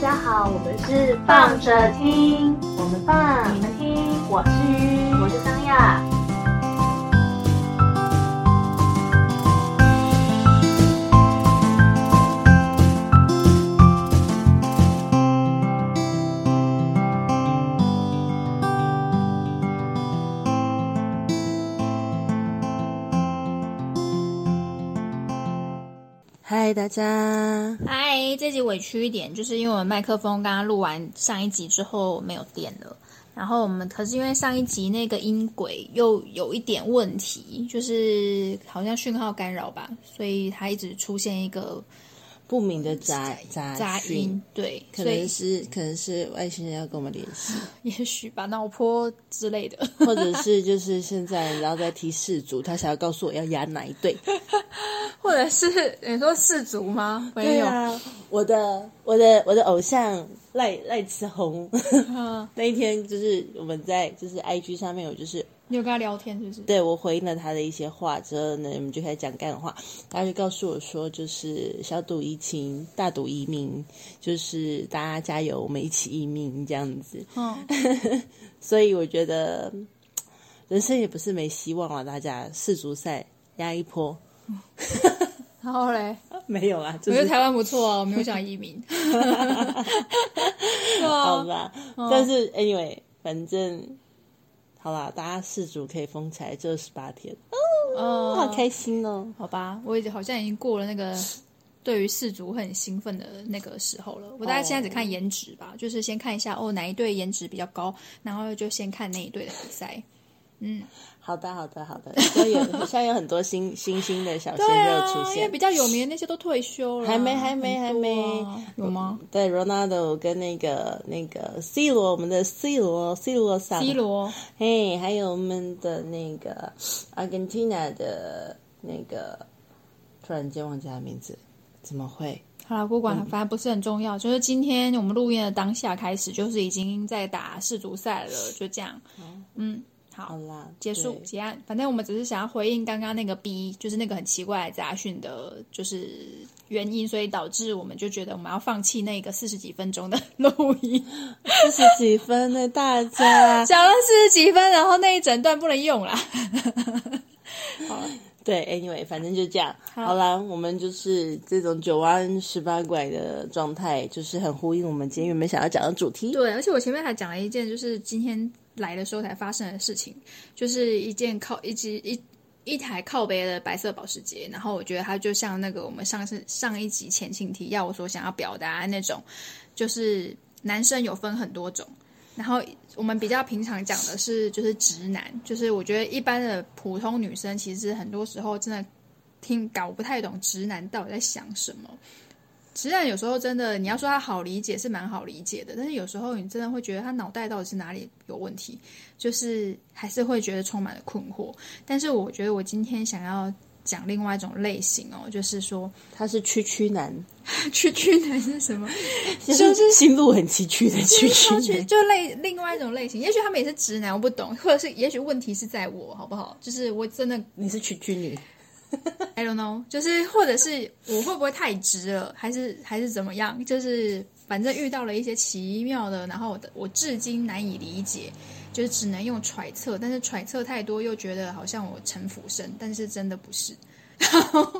大家好，我們是放着，放着聽，我們放，你們聽，我是，我是張亞。大家，嗨，這集委屈一點，就是因為我們麥克風剛剛錄完上一集之後沒有電了，然後我們可是因為上一集那個音軌又有一點問題，就是好像訊號干擾吧，所以它一直出現一個。不明的雜雜雜音，對，可能是可能是外星人要跟我們聯繫，也許吧，腦波之類的， 或者是就是現在然後再提世足，他想要告訴我要壓哪一隊，或者是你說世足嗎？沒 有、啊，我的我的我的偶像賴賴慈紅。 那一天就是我們在就是 I G 上面，我就是。你有跟他聊天是不是？對，我回應了他的一些話，之後呢，我們就開始講幹話。他就告訴我說，就是小賭怡情，大賭移民，就是大家加油，我們一起移民這樣子。嗯、 所以我覺得人生也不是沒希望啊，大家世足賽壓一波，然 後好嘞，沒有啊，我覺得台灣不錯啊，我沒有想移民。 啊、好吧，但是、嗯、anyway，反正。好啦，大家世足可以瘋起來。這十八天哦，哦，好開心哦！好吧，我已經好像已經過了那個對於世足很興奮的那個時候了。我大家現在只看顏值吧，哦，就是先看一下哦，哪一隊顏值比較高，然後就先看那一隊的比賽。嗯。好的，好的，好的。所以有現在有很多新新興的小鮮肉出現，啊、比較有名的那些都退休了，還沒，還沒，啊、還沒,有,還沒有嗎？對，Ronaldo 跟那個那個 C 羅，我們的 C 羅，C 羅薩 C 羅，嘿，還有我們的那個 Argentina 的那個，突然間忘記他名字，怎麼會？好了，不管、嗯，反正不是很重要。就是今天我們錄音的當下開始，就是已經在打世足賽了，就這樣，嗯。嗯好，好啦，結束結案。反正我們只是想要回應剛剛那個 B，就是那個很奇怪的雜訊的，就是原因，所以導致我們就覺得我們要放棄那個四十幾分鐘的錄音，四十幾分的大家講、啊、 了四十幾分，然後那一整段不能用啦。 好，對，anyway，反正就這樣。好啦，我們就是這種九彎十八拐的狀態，就是很呼應我們今天原本想要講的主題。對，而且我前面還講了一件，就是今天。來的時候才發生的事情，就是一件靠一機一一台靠北的白色保時捷。然後我覺得它就像那個我們上次上一集前情提要我所想要表達那種，就是男生有分很多種。然後我們比較平常講的是，就是直男。就是我覺得一般的普通女生其實很多時候真的聽搞不太懂直男到底在想什麼。實際上，有時候真的，你要說他好理解是蠻好理解的，但是有時候你真的會覺得他腦袋到底是哪裡有問題，就是還是會覺得充滿了困惑。但是我覺得我今天想要講另外一種類型哦，就是說他是曲曲男，曲曲男是什麼？ 就是、是心路很崎嶇的曲曲、就是、就類另外一種類型。也許他們也是直男，我不懂，或者是也許問題是在我，好不好？就是我真的你是曲曲女。I don't know，就是或者是我會不會太直了，還是還是怎麼樣？就是反正遇到了一些奇妙的，然後我我至今難以理解，就是只能用揣測，但是揣測太多又覺得好像我城府深，但是真的不是。然後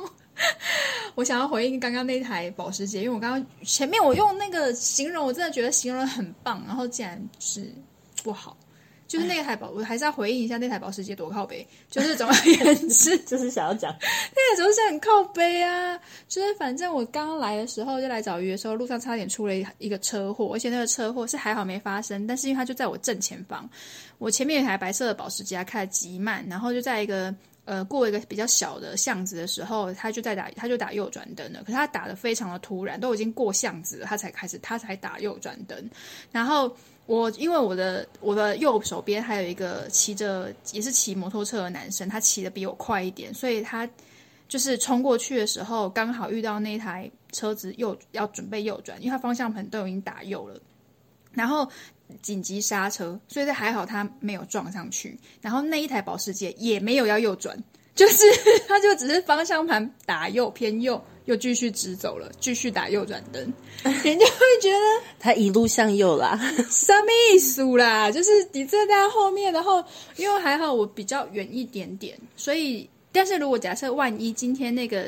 我想要回應剛剛那台保時捷，因為我剛剛前面我用那個形容，我真的覺得形容很棒，然後竟然是不好。就是那個台保我還是要回應一下那台保時捷多靠北，就是總而言之 就是想要講， 那個時候是很靠北啊。就是反正我剛剛來的時候，就來找魚的時候，路上差點出了一個車禍，而且那個車禍是還好沒發生，但是因為它就在我正前方，我前面有一台白色的保時捷，開得極慢，然後就在一個呃過一個比較小的巷子的時候，他就在打，他就打右轉燈了，可是他打得非常的突然，都已經過巷子了，他才開始，他才打右轉燈，然後。我因為我的我的右手邊還有一個騎着也是騎摩托車的男生，他騎得比我快一點，所以他就是衝過去的時候，剛好遇到那台車子右要準備右轉，因為他方向盤都已經打右了，然後緊急剎車，所以還好他沒有撞上去，然後那一台保時捷也沒有要右轉，就是呵呵他就只是方向盤打右偏右。又繼續直走了，繼續打右轉燈， 人家會覺得他一路向右啦， 什麼意思啦？就是你站在他後面，然後因為還好我比較遠一點點，所以但是如果假設萬一今天那個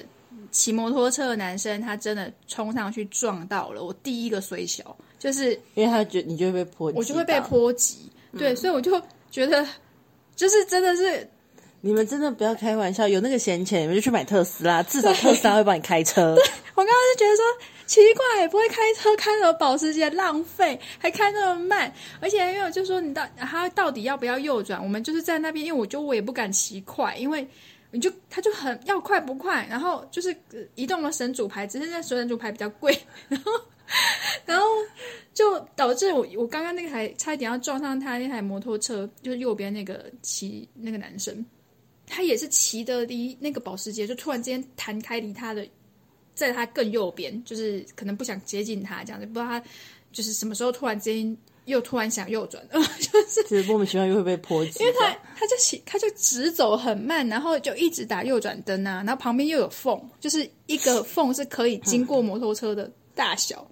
騎摩托車的男生他真的衝上去撞到了，我第一個衰小，就是因為他覺得你就會被波及，我就會被波及，嗯，對，所以我就覺得就是真的是。你們真的不要開玩笑，有那個閒錢，你們就去買特斯拉，至少特斯拉會幫你開車。對，對，我剛剛就覺得說奇怪，不會開車開什麼保時捷，浪費，還開那麼慢，而且因為我就說你到他到底要不要右轉，我們就是在那邊，因為我就我也不敢騎快，因為你就他就很要快不快，然後就是移動了神主牌，只是在神主牌比較貴，然後然後就導致我我剛剛那台差一點要撞上他那台摩托車，就是右邊那個騎那個男生。他也是騎的離那個保時捷，就突然之間彈開離他的，在他更右邊，就是可能不想接近他這樣子，不知道他就是什麼時候突然間又突然想右轉了，就是其實莫名其妙又會被波及，因為他他就騎他就直走很慢，然後就一直打右轉燈啊，然後旁邊又有縫，就是一個縫是可以經過摩托車的大小。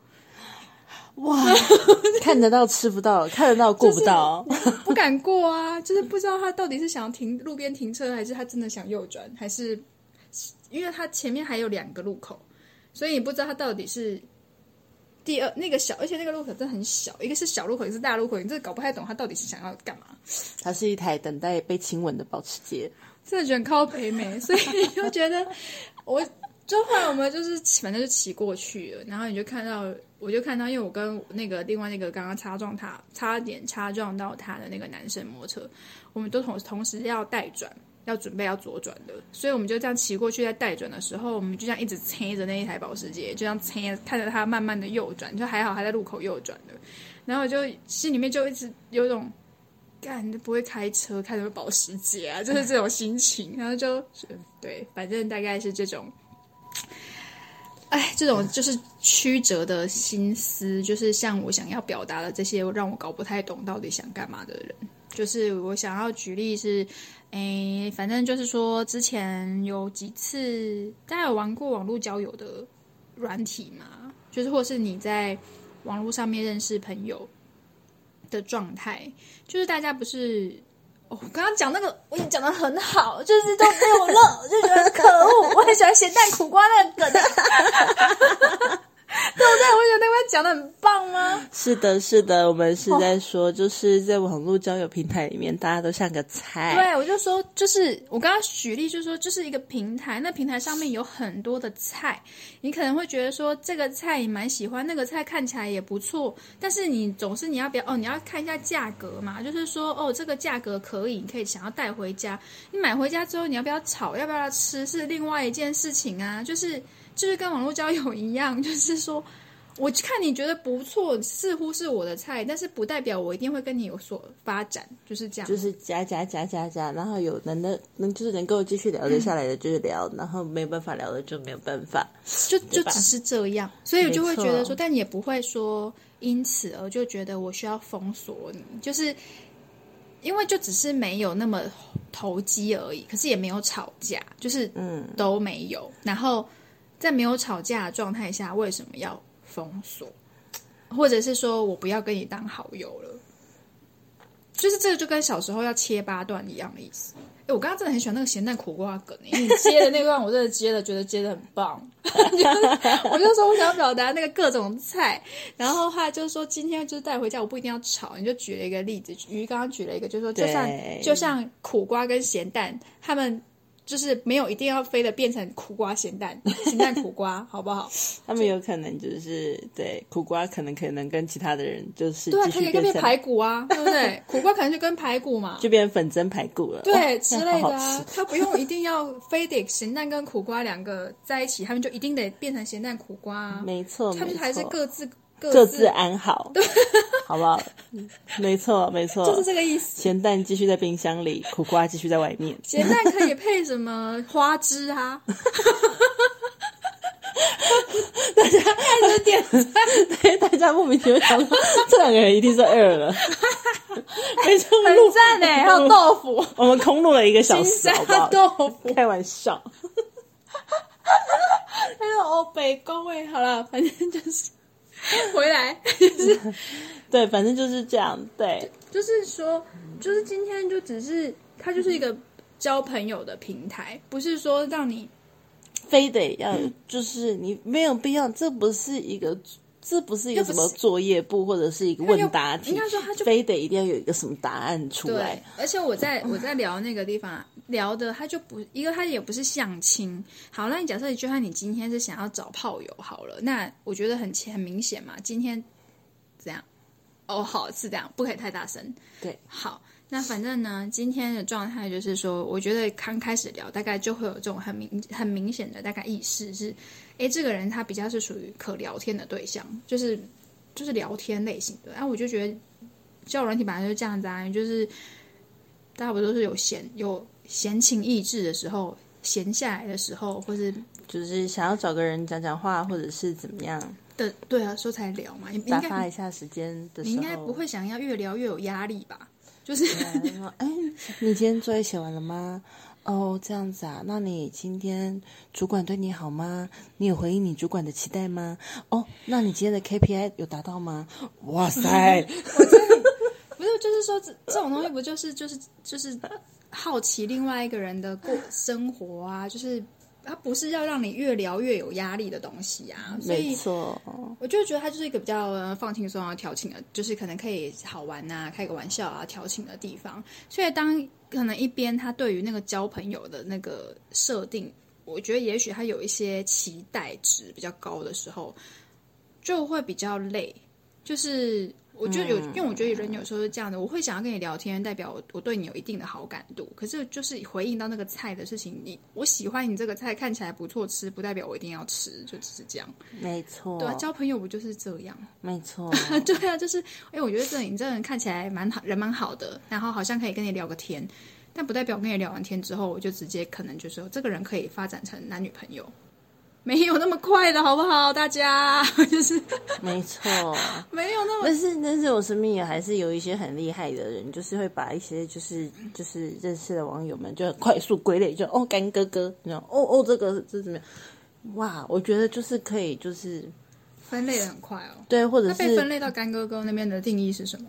哇、 就是，看得到吃不到，看得到過不到，就是，不敢過啊！就是不知道他到底是想停路邊停車，還是他真的想右轉，還是因為他前面還有兩個路口，所以你不知道他到底是第二那個小，而且那個路口真的很小，一個是小路口，一個是大路口，你這搞不太懂他到底是想要幹嘛。它是一台等待被親吻的保時捷，真的覺得靠北美，所以我覺得我後來我們就是反正就騎過去了，然後你就看到，我就看到，因為我跟那個另外那個剛剛擦撞他，差點擦撞到他的那個男生摩托車，我們都同同時要待轉，要準備要左轉的，所以我們就這樣騎過去，在待轉的時候，我們就這樣一直蹭着那一台保時捷，就這樣蹭看着他慢慢的右轉，就還好他在路口右轉的，然後我就心裡面就一直有一種幹，不會開車開什麼保時捷啊，就是這種心情， 然後就是對，反正大概是這種。哎，這種就是曲折的心思，就是像我想要表達的這些，讓我搞不太懂到底想幹嘛的人。就是我想要舉例是，哎，反正就是說之前有幾次，大家有玩過網絡交友的軟體嘛？就是或是你在網絡上面認識朋友的狀態，就是大家不是。哦，我剛剛講那個，我已經講得很好，就是都沒有漏。 就覺得很可惡。我很喜歡鹹蛋苦瓜那個梗。 對不對，我覺得那部講的很棒嗎？是的，是的，我們是在說，oh. 就是在網絡交友平台裡面，大家都像個菜。對，我就說，就是我剛剛舉例，就說就是一個平台，那平台上面有很多的菜，你可能會覺得說這個菜你蠻喜歡，那個菜看起來也不錯，但是你總是你要不要哦，你要看一下價格嘛，就是說哦，這個價格可以，你可以想要帶回家。你買回家之後，你要不要炒，要不要吃，是另外一件事情啊，就是。就是跟網絡交友一樣，就是說，我看你覺得不錯，似乎是我的菜，但是不代表我一定會跟你有所發展，就是這樣。就是加加加加加，然後有能的能能就是能夠繼續聊得下來的就，就是聊，然後沒有辦法聊的就沒有辦法，就就，就只是這樣。所以我就會覺得說，但也不會說因此而就覺得我需要封鎖你，就是因為就只是沒有那麼投機而已，可是也沒有吵架，就是嗯都沒有，嗯、然後。在沒有吵架的狀態下，為什麼要封鎖？或者是說我不要跟你當好友了？就是這個就跟小時候要切八段一樣的意思。誒我剛剛真的很喜歡那個鹹蛋苦瓜梗、欸，你接的那段我真的接的， 的，接的覺得接的很棒、 就是。我就說我想表達那個各種菜，然後的話就是說今天就是帶回家，我不一定要炒。你就舉了一個例子，魚剛剛舉了一個，就是說就像就像苦瓜跟鹹蛋，他們。就是沒有一定要非得變成苦瓜鹹蛋，鹹蛋苦瓜，好不好？ 他們有可能就是對苦瓜，可能可能跟其他的人就是對、啊，他可，可以變成排骨啊，對不對？ 苦瓜可能就跟排骨嘛，就變成粉蒸排骨了，對，好好吃之類的、啊。他不用一定要非得鹹蛋跟苦瓜兩個在一起，他們就一定得變成鹹蛋苦瓜、啊，沒錯，他們還是各自。各自，各自安好，好不好？ 沒錯，沒錯，就是這個意思。鹹蛋繼續在冰箱裡，苦瓜繼續在外面。鹹蛋可以配什麼花枝啊？ 大家開始點，讚 大，家 大家莫名其妙 這兩個人一定是二了。 沒錯，路讚呢。還有豆腐，我們空錄了一個小時，好不好？豆腐，開玩笑。還有歐北工哎，好了，反正就是。 回來 是，對，反正就是這樣。對就，就是說，就是今天就只是，它就是一個交朋友的平台，嗯、不是說讓你非得要，就是你沒有必要，嗯、這不是一個。這不是一個什麼作業簿，或者是一個問答題，應該說他就非得一定要有一個什麼答案出來。對，而且我在、嗯、我在聊那個地方聊的，他就不一個，他也不是相親。好，那你假設就算你今天是想要找炮友好了，那我覺得很很明顯嘛。今天這樣哦，好是這樣，不可以太大聲。對，好，那反正呢，今天的狀態就是說，我覺得剛開始聊，大概就會有這種很明很明顯的大概意識是哎，這個人他比較是屬於可聊天的對象，就是，就是聊天類型的。哎、啊，我就覺得交友軟體本來就是這樣子啊，就是大家不都是有閒有閒情逸致的時候，閒下來的時候，或是就是想要找個人講講話，或者是怎麼樣的？對啊，說才聊嘛，你應打發一下時間的時。你應該不會想要越聊越有壓力吧？就是，嗯哎、你今天作業寫完了嗎？哦，這樣子啊？那你今天主管對你好嗎？你有回應你主管的期待嗎？哦，那你今天的 KPI 有達到嗎？哇塞、嗯！我覺得 不是，我是，不、就是，就是說這這種東西，不就是就是就是好奇另外一個人的過生活啊？就是他不是要讓你越聊越有壓力的東西啊。沒錯，我就覺得他就是一個比較放輕鬆啊、調情啊，就是可能可以好玩啊、開個玩笑啊、調情的地方。所以當。可能一邊他對於那個交朋友的那個設定，我覺得也許他有一些期待值比較高的時候，就會比較累，就是。我就有、嗯，因為我覺得人有時候是這樣的，我會想要跟你聊天，代表我，我對你有一定的好感度。可是就是回應到那個菜的事情，你我喜歡你這個菜，看起來不錯吃，不代表我一定要吃，就只是這樣。沒錯，對啊，交朋友不就是這樣？沒錯， 對啊，就是，哎，因為我覺得這你這個人看起來蠻好人蠻好的，然後好像可以跟你聊個天，但不代表跟你聊完天之後，我就直接可能就是說這個人可以發展成男女朋友。沒有那麼快的，好不好？大家 就是沒錯， 沒有那麼。但是，但是我身邊也還是有一些很厲害的人，就是會把一些就是就是認識的網友們，就很快速歸類，就哦，乾哥哥，你知道哦哦，這個這怎麼樣？哇，我覺得就是可以，就是分類的很快哦。對，或者是他被分類到乾哥哥那邊的定義是什麼？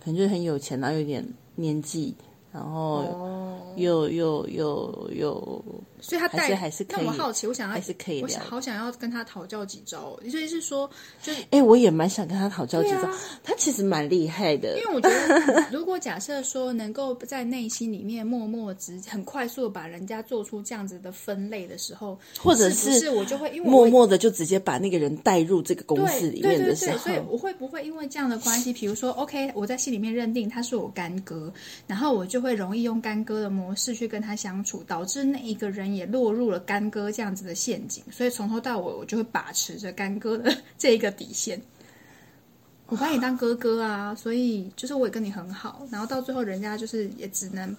可能就是很有錢，然後有點年紀，然後又又又又。所以他，他帶那我好奇，我想要還是可以我好想要跟他討教幾招。所以是說，就哎、欸，我也蠻想跟他討教幾招、啊。他其實蠻厲害的，因為我覺得， 如果假設說能夠在內心裡面默默直很快速的把人家做出這樣子的分類的時候，或者是我就會因為會默默的就直接把那個人帶入這個公司裡面的時候對對，對，對對。所以我會不會因為這樣的關係，比如說 ，OK，我在心裡面認定他是我乾哥，然後我就會容易用乾哥的模式去跟他相處，導致那一個人。也落入了乾哥這樣子的陷阱，所以從頭到尾我就會把持着乾哥的這一個底線。我把你當哥哥啊，所以就是我也跟你很好，然後到最後人家就是也只能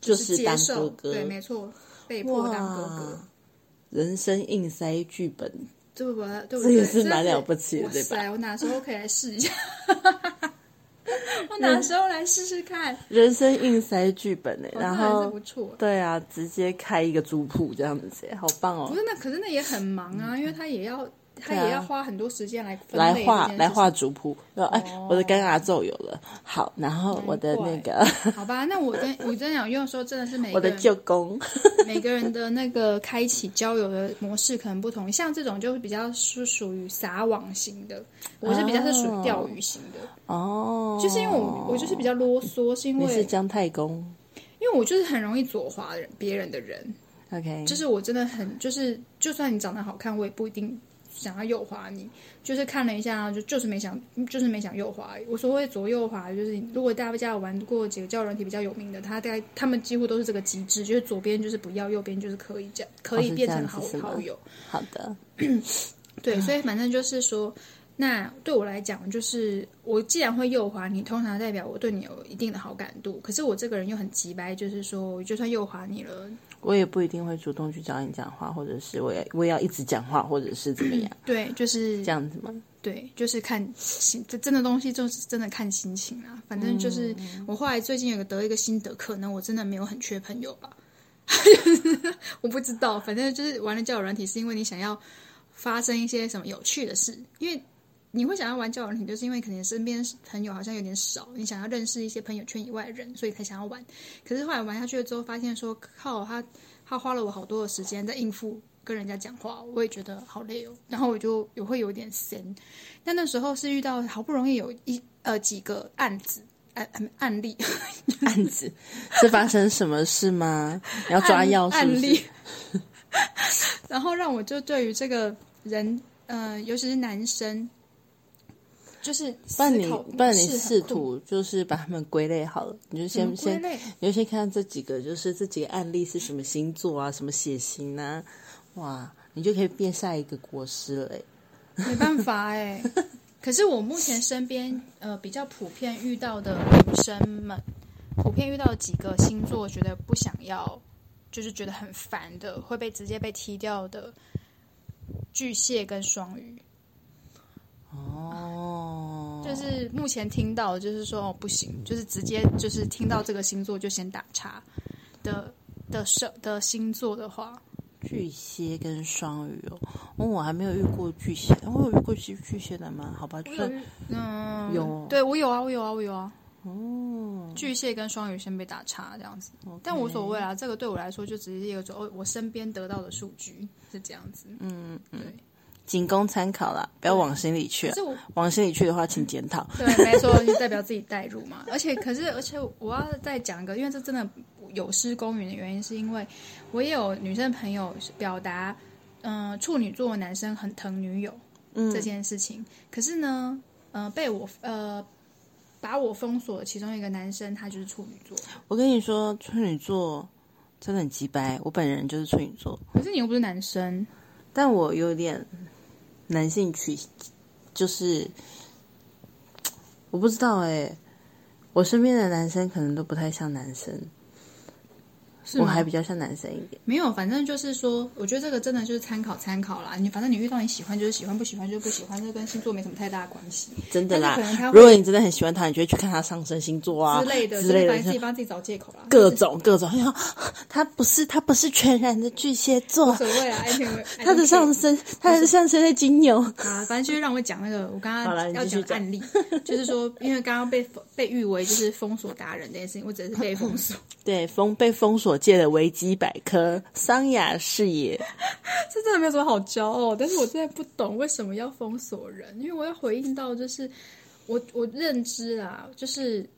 就是接受，就是、當哥哥，對，沒錯，被迫當哥哥，人生硬塞劇本，對不不？對不對，這也是蠻了不起的，對吧？我哪時候可以來試一下？ 我哪時候來試試看人？人生硬塞劇本呢、欸， 然後、哦、對啊，直接開一個租鋪這樣子，寫好棒哦！不是那，可是那也很忙啊，嗯、因為他也要。他也要花很多時間來分類的，啊、來畫來畫族譜。哎，哦，我的尷尬祖有了好，然後我的那個的 好吧。那我真我真想用的時候，真的是每個人。我的舅公， 每個人的那個開啟交友的模式可能不同。像這種就是，、哦、是比較是屬於撒網型的，我是比較是屬於釣魚型的哦。就是因為我我就是比較囉嗦，是因為我是姜太公，因為我就是很容易左滑別人的人。OK，就是我真的很就是，就算你長得好看，我也不一定。想要右滑你，就是看了一下，就就是沒想，就是沒想右滑。我所謂左右滑，就是如果大家有玩過幾個交友軟體比較有名的，他大概他們幾乎都是這個機制，就是左邊就是不要，右邊就是可以這樣，可以變成好、哦、好友。好的， 對，所以反正就是說，那對我來講，就是我既然會右滑你，通常代表我對你有一定的好感度。可是我這個人又很急白，就是說，就算右滑你了。我也不一定會主動去找你講話，或者是我也我也要一直講話，或者是怎麼樣？對，就是這樣子嘛？對，就是看心，這真的東西就是真的看心情啦。反正就是、嗯、我後來最近有個得一個心得，可能我真的沒有很缺朋友吧， 我不知道。反正就是玩了交友軟體，是因為你想要發生一些什麼有趣的事，因為。你會想要玩交友軟件，就是因為可能你身邊朋友好像有點少，你想要認識一些朋友圈以外的人，所以才想要玩。可是後來玩下去了之後，發現說，靠，他他花了我好多的時間在應付跟人家講話，我也覺得好累哦。然後我就也會有點閒。但那時候是遇到好不容易有一呃幾個案子，案案例，案子是發生什麼事嗎？ 你要抓鑰匙？案例。 然後讓我就對於這個人，嗯、呃，尤其是男生。就是幫你幫你試圖，就是把他們歸類好了。你就先先，你就先看這幾個，就是這幾個案例是什麼星座啊，什麼血型啊。哇，你就可以變下一個國師了、欸、沒辦法哎、欸， 可是我目前身邊呃比較普遍遇到的女生們，普遍遇到的幾個星座，覺得不想要，就是覺得很煩的，會被直接被踢掉的，巨蟹跟雙魚。哦、oh.，就是目前聽到的就是說、哦、不行，就是直接就是聽到這個星座就先打叉的的什的，的星座的話，巨蟹跟雙魚哦，我、哦、我還沒有遇過巨蟹，哦、我有遇過巨巨蟹的嗎？好吧，就是嗯，有，對我有啊，我有啊，我有啊，哦、oh.，巨蟹跟雙魚先被打叉這樣子，okay. 但無所謂啊，這個對我來說就只是一個我我身邊得到的數據是這樣子，嗯，嗯對。僅供參考啦，不要往心裡去了。是我往心裡去的話，請檢討。對，沒錯，就代表自己代入嘛。 而且，可是，而且我要再講一個，因為這真的有失公允的原因，是因為我也有女生朋友表達，嗯、呃，處女座的男生很疼女友這件事情。嗯、可是呢，嗯、呃，被我呃把我封鎖的其中一個男生他就是處女座。我跟你說，處女座真的很雞掰。我本人就是處女座，可是你又不是男生，但我有點。嗯男性取，就是我不知道欸，我身邊的男生可能都不太像男生。我還比較像男生一點，沒有，反正就是說，我覺得這個真的就是參考參考啦。你反正你遇到你喜歡就是喜歡，不喜歡就是不喜歡，這跟星座沒什麼太大關係，真的啦。如果你真的很喜歡他，你就會去看他上升星座啊之類的之類的，類的自己幫自己找借口啦。各種各種，各種，他他不是他不是全然的巨蟹座，無所謂啊，愛情。他的上升他的上升在金牛啊，反正就是讓我講那個我剛剛要講案例， 就是說因為剛剛被被譽為就是封鎖達人這件事情，我只是被封鎖， 對封被封鎖。借了維基百科桑雅視野，是真的沒有什麼好驕傲。但是我真的不懂為什麼要封鎖人，因為我要回應到，就是我我認知啊，就是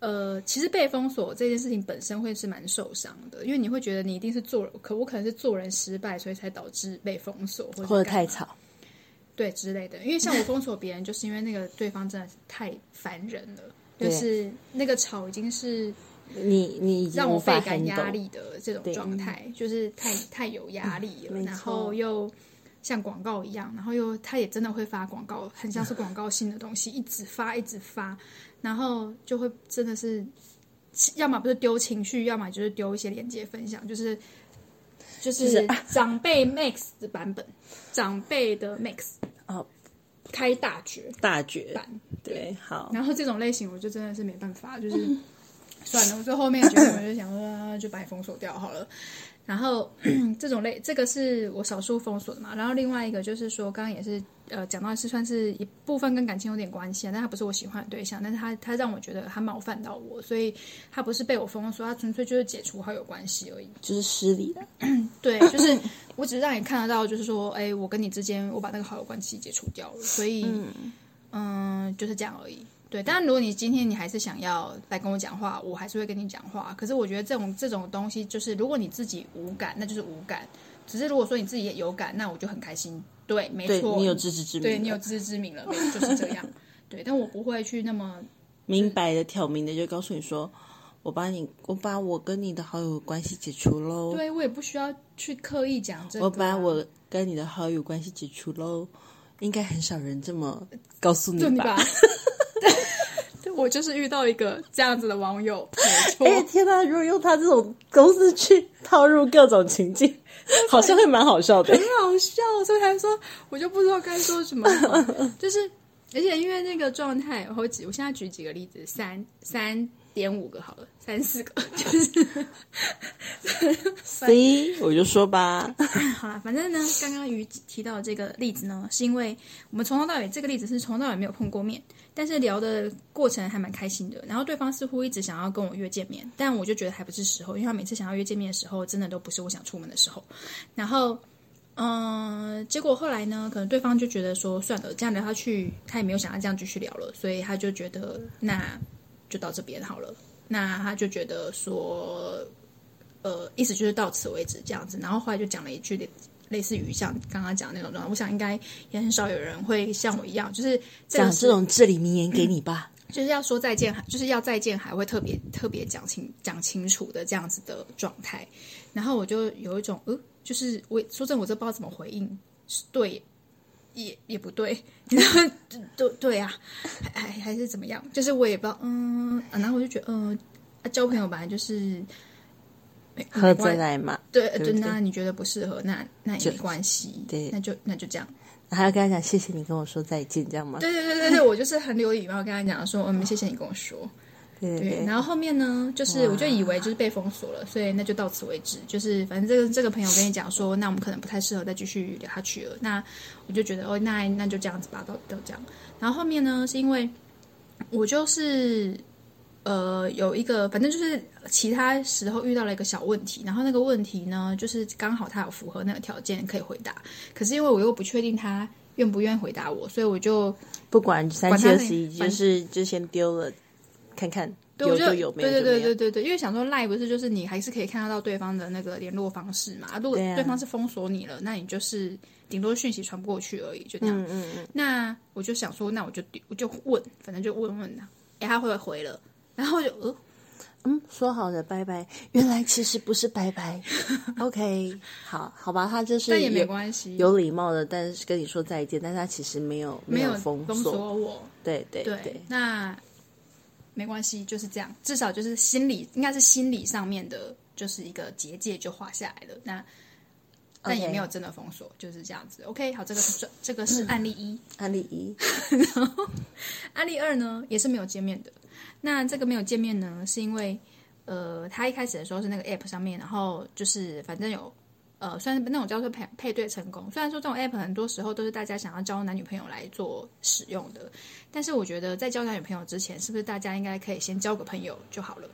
呃，其實被封鎖這件事情本身會是蠻受傷的，因為你會覺得你一定是做可我可能是做人失敗，所以才導致被封鎖或者，或者太吵，對之類的。因為像我封鎖別人、嗯，就是因為那個對方真的是太煩人了，就是那個吵已經是。你你，你讓我倍感壓力的這種狀態，就是太太有壓力了、嗯，然後又像廣告一樣，然後又他也真的會發廣告，很像是廣告性的東西，一直發一直發、嗯、一直發，然後就會真的是，要麼不是丟情緒，要麼就是丟一些鏈接分享，就是就是長輩 mix 的版本，就是啊、長輩的 mix 哦、啊。開大絕大絕版對，對好，然後這種類型我就真的是沒辦法，就是。嗯算了，所以後面覺得，我就想說就把你封鎖掉好了。然後這種類，這個是我少數封鎖的嘛。然後另外一個就是說，剛剛也是呃講到的是算是一部分跟感情有點關係，但他不是我喜歡的對象，但是他他讓我覺得他冒犯到我，所以他不是被我封鎖，他純粹就是解除好友關係而已，就是失禮的、嗯。對，就是我只是讓你看得到，就是說，哎，我跟你之間我把那個好友關係解除掉了，所以嗯，就是這樣而已。對，當然如果你今天你還是想要來跟我講話，我還是會跟你講話。可是我覺得這種這種東西，就是如果你自己無感，那就是無感。只是如果說你自己也有感，那我就很開心。對，沒錯，你有自知之明，對，你有自知之明了，就是這樣。 對，但我不會去那麼明白的挑明的就告訴你說，我把你我把我跟你的好友的關係解除嘍。對我也不需要去刻意講這個、啊，我把我跟你的好友的關係解除嘍。應該很少人這麼告訴你吧？我就是遇到一個這樣子的網友，沒錯。哎、欸、天吶、啊！如果用他這種公式去套入各種情境， 好像會蠻好笑的， 很好笑。所以他說，我就不知道該說什麼， 就是，而且因為那個狀態，然後舉，我現在舉幾個例子，三三。點五個好了，三四個就是。C， 我就說吧。 好啦，反正呢，剛剛於提到這個例子呢，是因為我們從頭到尾這個例子是從頭到尾沒有碰過面，但是聊的過程還蠻開心的。然後對方似乎一直想要跟我約見面，但我就覺得還不是時候，因為他每次想要約見面的時候，真的都不是我想出門的時候。然後，嗯、呃，結果後來呢，可能對方就覺得說算了，這樣聊下去，他也沒有想要這樣繼續聊了，所以他就覺得那。就到這邊好了。那他就覺得說，呃，意思就是到此為止這樣子。然後後來就講了一句類，類似於像剛剛講的那種狀態。我想應該也很少有人會像我一樣，就是講這，這種至理名言給你吧，嗯。就是要說再見，就是要再見，還會特別特別講清講清楚的這樣子的狀態。然後我就有一種，呃，就是我說真的，我這不知道怎麼回應是對。也也不對，然後都對啊，還還是怎麼樣？就是我也不知道，嗯，啊、然後我就覺得，嗯、啊、交朋友本來就是合得來嘛。對對，對，對，對，那你覺得不適合，那那也沒關係，對，那就那就這樣。還要跟他講，謝謝你跟我說再見，這樣嗎？對對對對對，我就是很有禮貌， 跟他講說，嗯，謝謝你跟我說。對，對，對，對，然後後面呢，就是我就以為就是被封鎖了，所以那就到此為止。就是反正這個這個朋友跟你講說，那我們可能不太適合再繼續聊下去了。那我就覺得哦，那那就這樣子吧，都都這樣。然後後面呢，是因為我就是呃有一個，反正就是其他時候遇到了一個小問題，然後那個問題呢，就是剛好他有符合那個條件可以回答，可是因為我又不確定他願不願意回答我，所以我就不管三七二十一，就是就先丟了。看看，對，有就有，我覺得沒有就沒有，對對對對對對，因為想說賴不是，就是你還是可以看得到對方的那個聯絡方式嘛、啊。如果對方是封鎖你了、啊，那你就是頂多訊息傳不過去而已，就這樣。嗯嗯，嗯，那我就想說，那我就我就問，反正就問問他、啊，哎，他會，不會回了，然後我就、哦、嗯，說好的拜拜。原來其實不是拜拜。 OK，好好吧，他就是，但也沒關係，有禮貌的，但是跟你說再見，但是他其實沒有沒有，沒有封鎖我。對對對，對，那。沒關係，就是這樣，至少就是心理，應該是心理上面的，就是一個結界就畫下來了。那但也沒有真的封鎖，okay. 就是這樣子。OK，好，這個是這個是案例一，嗯、案例一。 然後案例二呢，也是沒有見面的。那這個沒有見面呢，是因為呃，他一開始的時候是那個 app 上面，然後就是反正有。呃，算是那種叫做配配對成功。雖然說這種 app 很多時候都是大家想要交男女朋友來做使用的，但是我覺得在交男女朋友之前，是不是大家應該可以先交個朋友就好了？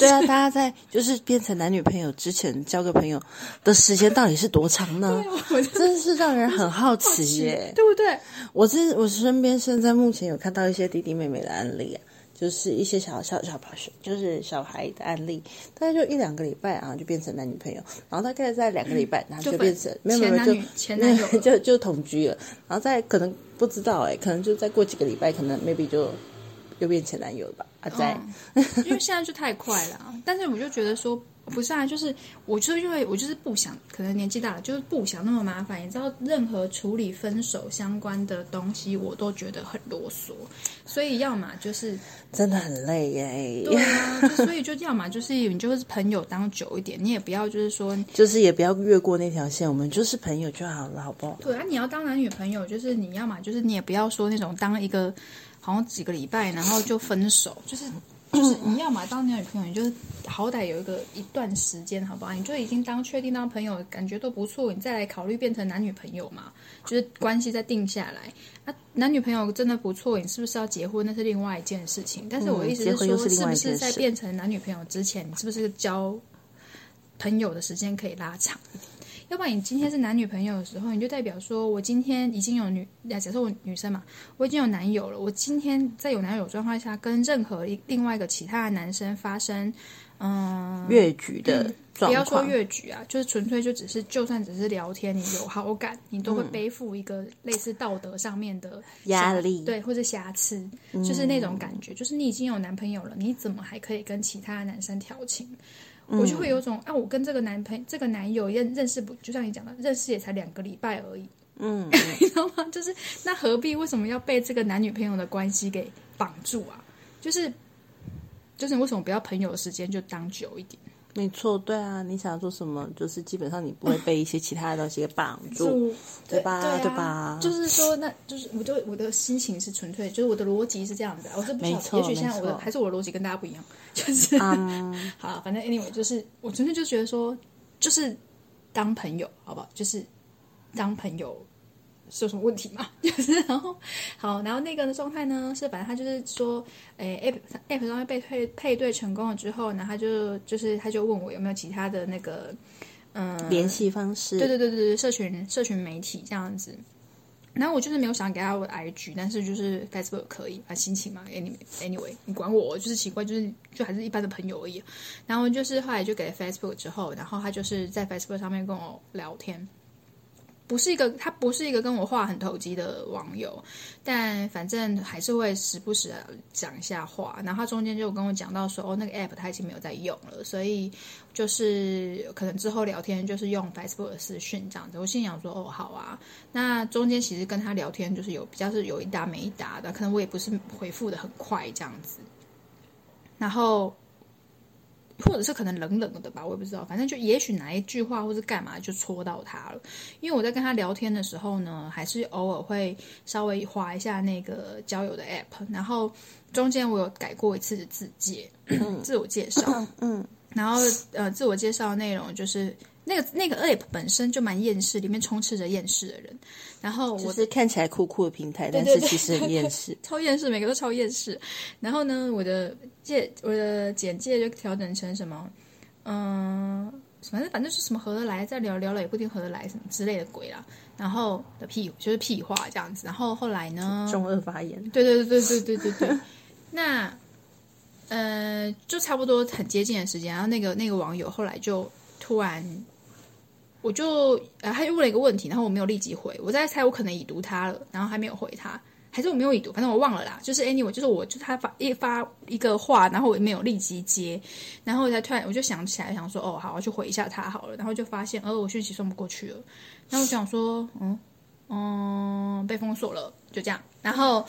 對啊， 大家在就是變成男女朋友之前，交個朋友的時間到底是多長呢？ 我真是讓人很好奇耶、欸， 對不對？我這，我身邊現在目前有看到一些弟弟妹妹的案例啊。就是一些小小小拍戲，就是小孩的案例，大概就一兩個禮拜，啊，就變成男女朋友，然後大概在兩個禮拜，然後就變成、嗯、就前就前男友，就友、嗯、就同居了，然後再可能不知道哎，可能就再過幾個禮拜，可能 maybe 就又變前男友了吧。啊、嗯，對， 因為現在就太快了，但是我就覺得說，不是，啊，就是，我就因為我就是不想，可能年紀大了，就是不想那麼麻煩。你知道，任何處理分手相關的東西，我都覺得很囉嗦，所以要麼就是真的很累耶。嗯、對啊，所以就要嘛，就是你就是朋友當久一點，你也不要就是說， 就是也不要越過那條線，我們就是朋友就好了，好不好？對啊，你要當男女朋友，就是你要嘛，就是你也不要說那種當一個。好像幾個禮拜，然後就分手，就是就是你要嘛，當男女朋友，你就好歹有一個一段時間，好不好？你就已經當確定當朋友，感覺都不錯，你再來考慮變成男女朋友嘛，就是關係再定下來啊。男女朋友真的不錯，你是不是要結婚？那是另外一件事情。但是我的意思是說是，是不是在變成男女朋友之前，你是不是交朋友的時間可以拉長？要不然你今天是男女朋友的時候，你就代表說我今天已經有女，假設我女生嘛，我已經有男友了。我今天在有男友狀況下，跟任何一另外一個其他的男生發生，嗯、呃，越矩的狀況、嗯，不要說越矩啊，就是純粹就只是，就算只是聊天，你有好感，你都會背負一個類似道德上面的壓力，對，或者瑕疵、嗯，就是那種感覺，就是你已經有男朋友了，你怎麼還可以跟其他男生調情？我就會有種啊，我跟這個男朋這個男友認認識不，就像你講的，認識也才兩個禮拜而已，嗯， 你知道嗎？就是那何必為什麼要被這個男女朋友的關係給綁住啊？就是就是你為什麼不要朋友的時間就當久一點？沒錯，對啊，你想做什麼，就是基本上你不會被一些其他的東西給綁住，嗯、對，對吧對、啊？對吧？就是說，那就是我就我的心情是純粹，就是我的邏輯是這樣子、啊，我是不曉得，沒錯，也許現在我的還是我的邏輯跟大家不一樣，就是、嗯、好反正 anyway，就是我純粹就覺得說，就是當朋友，好不好？就是當朋友。是有什麼問題嗎？ 就是然後好，然後那個的狀態呢？是反正他就是說，誒、欸、，app app 上面被配配對成功了之後，然後他就就是他就問我有沒有其他的那個嗯、呃、聯繫方式？對對對對對，社群社群媒體這樣子。然後我就是沒有想給他我的 IG，但是就是 Facebook 可以，啊、心情嘛 any anyway 你管我，就是奇怪，就是就還是一般的朋友而已。然後就是後來就給 Facebook 之後，然後他就是在 Facebook 上面跟我聊天。不是一個，他不是一個跟我話很投機的網友，但反正還是會時不時的講一下話。然後他中間就跟我講到說，哦，那個 app 他已經沒有在用了，所以就是可能之後聊天就是用 Facebook 的私訊這樣子。我心想說，哦，好啊。那中間其實跟他聊天就是有比較是有一搭沒一搭的，可能我也不是回復的很快這樣子。然後。或者是可能冷冷的吧，我也不知道，反正就也許哪一句話或是幹嘛就戳到他了，因為我在跟他聊天的時候呢，還是偶爾會稍微滑一下那個交友的 app，然後中間我有改過一次的自介，自我介紹，嗯，然後呃，自我介紹的內容就是。那個那個 app 本身就蠻厭世，裡面充斥着厭世的人。然後我、就是看起來酷酷的平台，對對對，但是其實很厭世，超厭世，每個都超厭世。然後呢，我的介我的簡介就調整成什麼？嗯、呃，反正反正是什麼合得來再聊聊了也不一定合得來什麼之類的鬼啦。然後的屁就是屁話這樣子。然後後來呢？中二發言。對對對對對對對對，對。 那呃，就差不多很接近的時間，然後那個那個網友後來就突然。我就呃，他又問了一個問題，然後我沒有立即回。我在猜，我可能已讀他了，然後還沒有回他，還是我沒有已讀，反正我忘了啦。就是 anyway，就是我就他發一發一個話，然後我沒有立即接，然後我才突然我就想起來，想說哦，好，我去回一下他好了。然後就發現，哦，我訊息送不過去了。然後我想說，嗯嗯，被封鎖了，就這樣。然後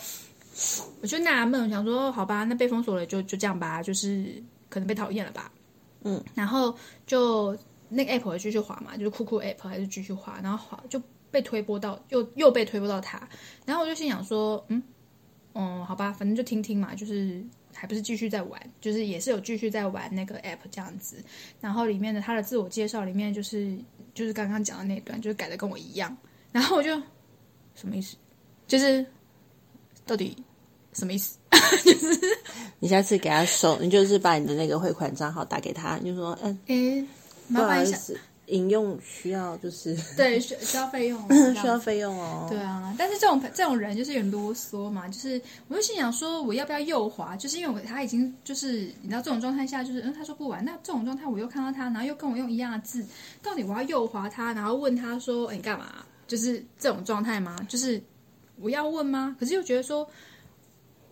我就納悶，我想說，好吧，那被封鎖了就就這樣吧，就是可能被討厭了吧，嗯。然後就。那個 app 會繼續滑嘛，就是酷酷 app 還是繼續滑，然後滑就被推播到又又被推播到他，然後我就心想說，嗯，哦、嗯，好吧，反正就聽聽嘛，就是還不是繼續在玩，就是也是有繼續在玩那個 app 這樣子，然後裡面的他的自我介紹裡面就是就是剛剛講的那一段，就是改的跟我一樣，然後我就什麼意思？就是到底什麼意思？ 就是你下次給他收，你就是把你的那個匯款賬號打給他，你就說，嗯，誒。麻煩一下，飲用需要就是對，需需要費用，需要費用， 用哦。對啊，但是這種這種人就是有點囉嗦嘛。就是我就心想說，我要不要右滑？就是因為我他已經就是你知道這種狀態下，就是嗯，他說不玩。那這種狀態，我又看到他，然後又跟我用一樣的字，到底我要右滑他？然後問他說：“誒你幹嘛？”就是這種狀態嗎？就是我要問嗎？可是又覺得說。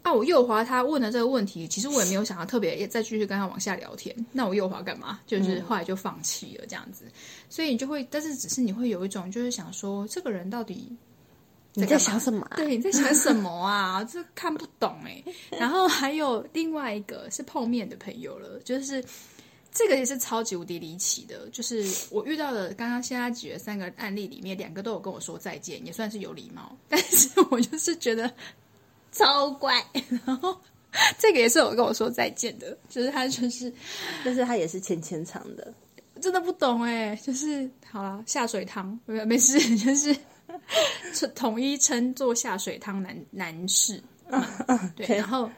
啊，我右滑。他問了這個問題，其實我也沒有想要特別再繼續跟他往下聊天。那我右滑幹嘛？就是後來就放棄了這樣子。所以你就會，但是只是你會有一種就是想說，這個人到底在你在想什麼、啊？對，你在想什麼啊？ 這看不懂哎、欸。然後還有另外一個是碰面的朋友了，就是這個也是超級無敵離奇的。就是我遇到的剛剛現在舉的三個案例裡面，兩個都有跟我說再見，也算是有禮貌。但是我就是覺得。超乖，然後這個也是有跟我說再見的，就是他就是，但是他也是淺淺嘗的。真的不懂哎、欸，就是好啦下水湯，沒事，就是稱統一稱作下水湯男男士，uh, okay. 對，然後，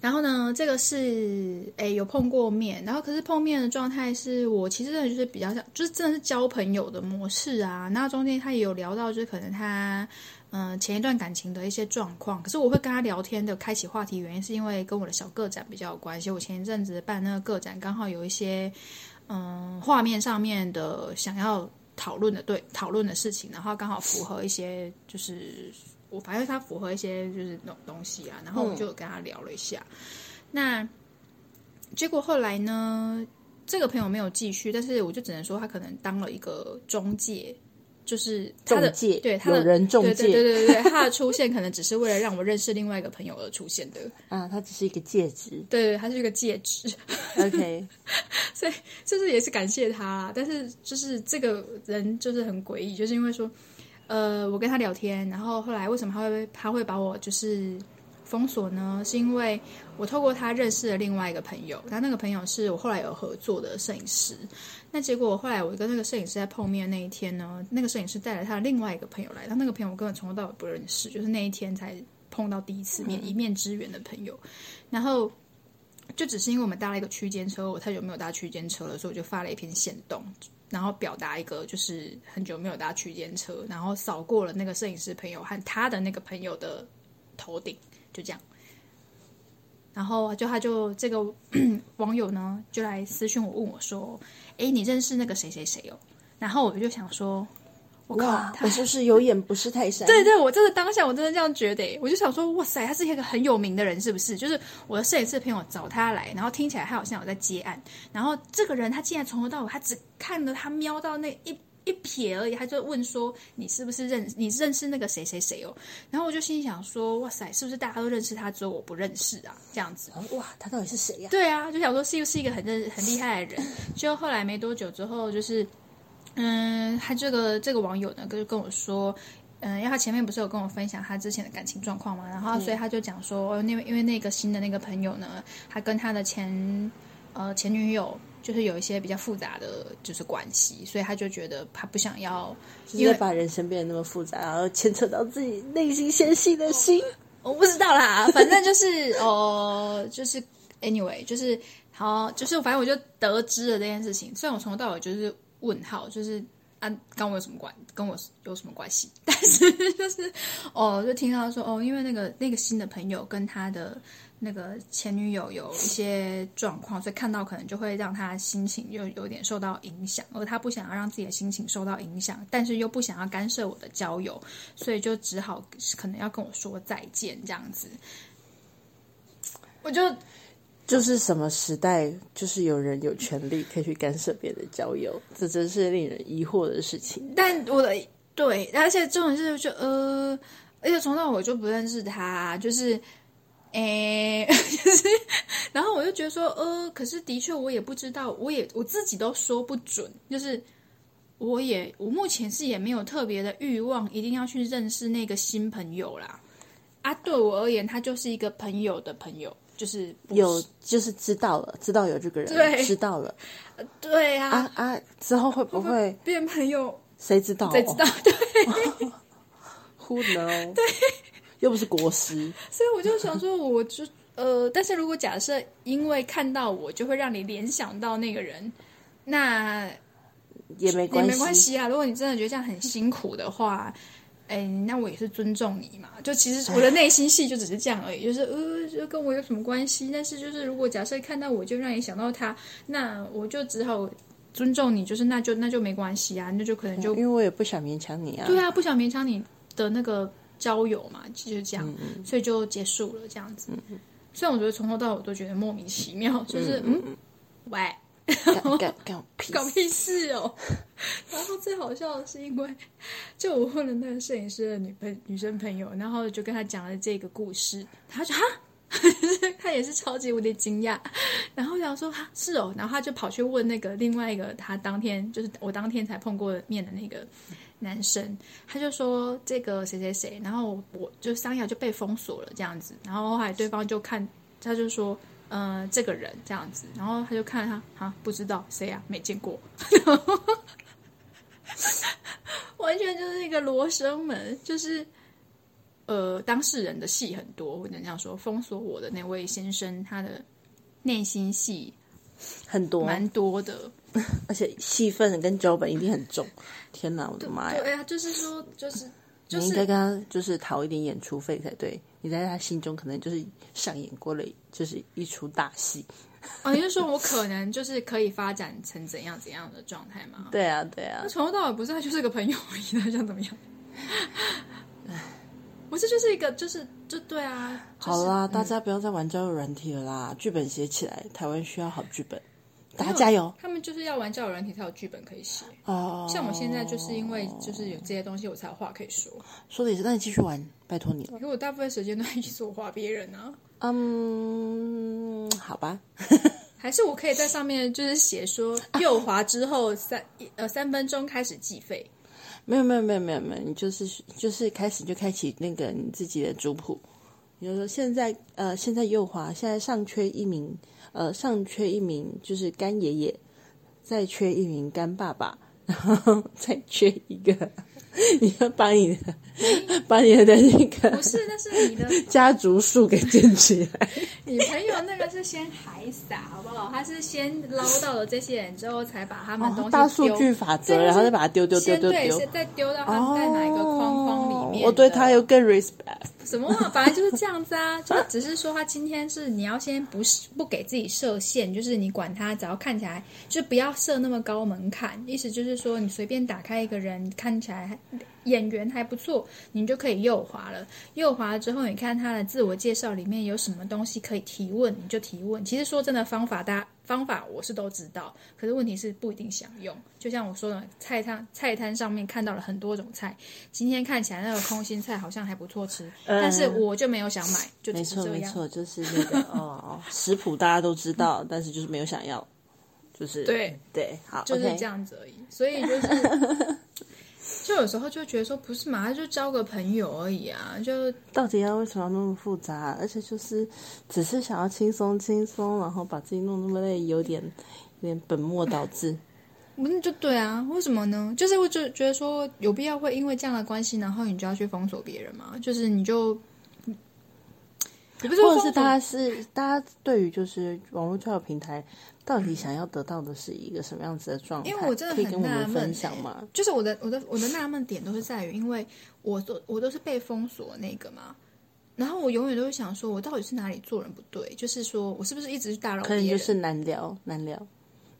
然後呢，這個是哎、欸、有碰過面，然後可是碰面的狀態是我其實真的就是比較像，就是真的是交朋友的模式啊，那中間他也有聊到，就是可能他。嗯，前一段感情的一些狀況，可是我會跟他聊天的開啟話題原因，是因為跟我的小個展比較有關係。我前一陣子辦那個個展，剛好有一些，嗯，畫面上面的想要討論的對討論的事情，然後剛好符合一些，就是我反正他符合一些就是那種東西啊，然後我就跟他聊了一下。嗯、那結果後來呢，這個朋友沒有繼續，但是我就只能說他可能當了一個中介。就是仲介，對他的人仲介，對對對，他的出現可能只是為了讓我認識另外一個朋友而出現的。啊、嗯，他只是一個戒指，對對，他是一個戒指。OK， 所以就是也是感謝他，但是就是這個人就是很詭異，就是因為說，呃，我跟他聊天，然後後來為什麼他會他會把我就是。封鎖呢，是因為我透過他認識了另外一個朋友，他那個朋友是我後來有合作的攝影師。那結果後來我跟那個攝影師在碰面的那一天呢，那個攝影師帶了他的另外一個朋友來，他那個朋友我根本從頭到尾不認識，就是那一天才碰到第一次面，嗯，一面之緣的朋友。然後就只是因為我們搭了一個區間車，我太久沒有搭區間車了，所以我就發了一篇限動，然後表達一個就是很久沒有搭區間車，然後掃過了那個攝影師朋友和他的那個朋友的頭頂。就這樣，然後就他就這個網友呢，就來私訊我，問我說：“哎，你認識那個誰誰誰哦？”然後我就想說：“我靠，他就是有眼不識泰山？”對對，我真的當下我真的這樣覺得，我就想說：“哇塞，他是一個很有名的人，是不是？”就是我的攝影師朋友找他來，然後聽起來他好像有在接案，然後這個人他竟然從頭到尾，他只看了他瞄到那一。一瞥而已，他就問說：“你是不是認你是認識那個誰誰誰哦？”然後我就心裡想說：“哇塞，是不是大家都認識他，只有我不認識啊？這樣子。”哇，他到底是誰呀、啊？對啊，就想說是不是一個很認很厲害的人？ 就後來沒多久之後，就是嗯，他這個這個網友呢，就跟我說，嗯，因為他前面不是有跟我分享他之前的感情狀況嘛，然後所以他就講說，嗯哦、那因為那個新的那個朋友呢，他跟他的前呃前女友。就是有一些比較複雜的就是關係，所以他就覺得他不想要，因為、就是、把人生變得那麼複雜，然後牽扯到自己內心纖細的心、哦，我不知道啦。反正就是 哦，就是 anyway，就是好，就是反正我就得知了這件事情。雖然我從頭到尾就是問號，就是啊，跟我有什麼關？跟我有什麼關係？但是就是哦，就聽到說哦，因為那個那個新的朋友跟他的。那個前女友有一些狀況，所以看到可能就會讓她心情又有點受到影響。而她不想要讓自己的心情受到影響，但是又不想要干涉我的交友，所以就只好可能要跟我說再見這樣子。我就就是什麼時代，就是有人有權利可以去干涉別人的交友， 這真是令人疑惑的事情。但我的對，而且這種事就呃，而且從那我就不認識他，就是。哎、欸就是，然後我就覺得說，呃，可是的確我也不知道，我也我自己都說不準。就是，我也我目前是也沒有特別的慾望，一定要去認識那個新朋友啦。啊，對我而言，他就是一個朋友的朋友，就是不有就是知道了，知道有這個人，對，知道了，對呀、啊，啊啊，之後會不會，會不會變朋友？誰知道？誰知道？對 ，Who knows？對。又不是國師， 所以我就想說，我就呃，但是如果假設因為看到我就會讓你聯想到那個人，那也沒也沒關係啊。如果你真的覺得這樣很辛苦的話，哎、欸，那我也是尊重你嘛。就其實我的內心戲就只是這樣而已， 就是呃，就跟我有什麼關係？但是就是如果假設看到我就讓你想到他，那我就只好尊重你，就是那就那就沒關係啊，那就可能就因為我也不想勉強你啊。對啊，不想勉強你的那個。交友嘛，就這樣，所以就結束了這樣子。嗯嗯，雖然我覺得從頭到尾我都覺得莫名其妙，嗯、就是嗯，喂，why 幹幹屁？ 搞屁事哦！ 然後最好笑的是，因為就我問了那個攝影師的女朋女生朋友，然後就跟他講了這個故事，他說：“哈， 他也是超級有點驚訝。”然後我想說：“哈，是哦。”然後他就跑去問那個另外一個，他當天就是我當天才碰過面的那個。嗯男生，他就說這個誰誰誰，然後我就三亞就被封鎖了這樣子，然後後來對方就看，他就說，嗯、呃，這個人這樣子，然後他就看他，啊，不知道誰啊，沒見過，完全就是一個羅生門，就是呃，當事人的戲很多，或者這樣說，封鎖我的那位先生，他的內心戲很多，蠻多的。而且戲份跟腳本一定很重，天哪，我的媽呀！哎呀、啊，就是說，就是就應該跟他就是討一點演出費才對。你在他心中可能就是上演過了，就是一出大戲。啊、哦，你就是說我可能就是可以發展成怎樣怎樣的狀態嘛？對啊，對啊。從頭到尾不是他就是個朋友而已，他想怎麼樣？ 不是，就是一個，就是就對啊。就是、好啦、嗯，大家不要再玩交友軟體了啦，劇本寫起來，台灣需要好劇本。大家加油！他們就是要玩交友軟體才有劇本可以寫哦。Oh, 像我現在就是因為就是有這些東西，我才有話可以說。說的也是，那你繼續玩，拜托你了。因為我大部分時間都還去左滑別人呢、啊。嗯、um,，好吧。 還是我可以在上面就是寫說右 滑之後三呃三分鐘開始計費。沒有沒有沒有沒有沒有，你就是就是開始就開啟那個你自己的族譜。就是說現在呃，現在右滑現在尚缺一名呃，尚缺一名就是乾爺爺，再缺一名乾爸爸，然後再缺一個， 你要把你的你把你的那個不是，那是你的家族樹給建起來。 你朋友那個是先海撒，好不好？他是先撈到了這些人之後，才把他們東西、哦、大數據法則、就是，然後再把它丟，丟丟丟丟丟，對是再丟到他們在哪一個框、哦、框裡面。我對他有更 respect。什麼話？本來就是這樣子啊， 就只是說他今天是你要先，不是不給自己設限，就是你管他，只要看起來就不要設那麼高門檻。意思就是說，你隨便打開一個人，看起來，演員還不錯，你就可以右滑了。右滑了之後，你看他的自我介紹裡面有什麼東西可以提問，你就提問。其實說真的，方法大家方法我是都知道，可是問題是不一定想用。就像我說的，菜攤菜攤上面看到了很多種菜，今天看起來那個空心菜好像還不錯吃，嗯、但是我就沒有想買，嗯、就只是這樣。沒錯沒錯，就是那個 哦，食譜大家都知道、嗯，但是就是沒有想要，就是對對，好就是這樣子而已。Okay. 所以就是。 就有時候就覺得說不是嘛，就交個朋友而已啊！就到底要為什麼要那麼複雜？而且就是只是想要輕鬆輕鬆，然後把自己弄那麼累，有點有點本末倒置。不、嗯、就對啊？為什麼呢？就是我就覺得說有必要會因為這樣的關係，然後你就要去封鎖別人嘛？就是你就，也不知道，是大家是大家對於就是網絡交友平台。到底想要得到的是一個什麼樣子的狀態？因為我真的很納悶、欸。就是我的我的我的納悶點都是在於，因為我都我都是被封鎖那個嘛，然後我永遠都會想說，我到底是哪裡做人不對？就是說我是不是一直去打擾？可能就是難聊，難聊，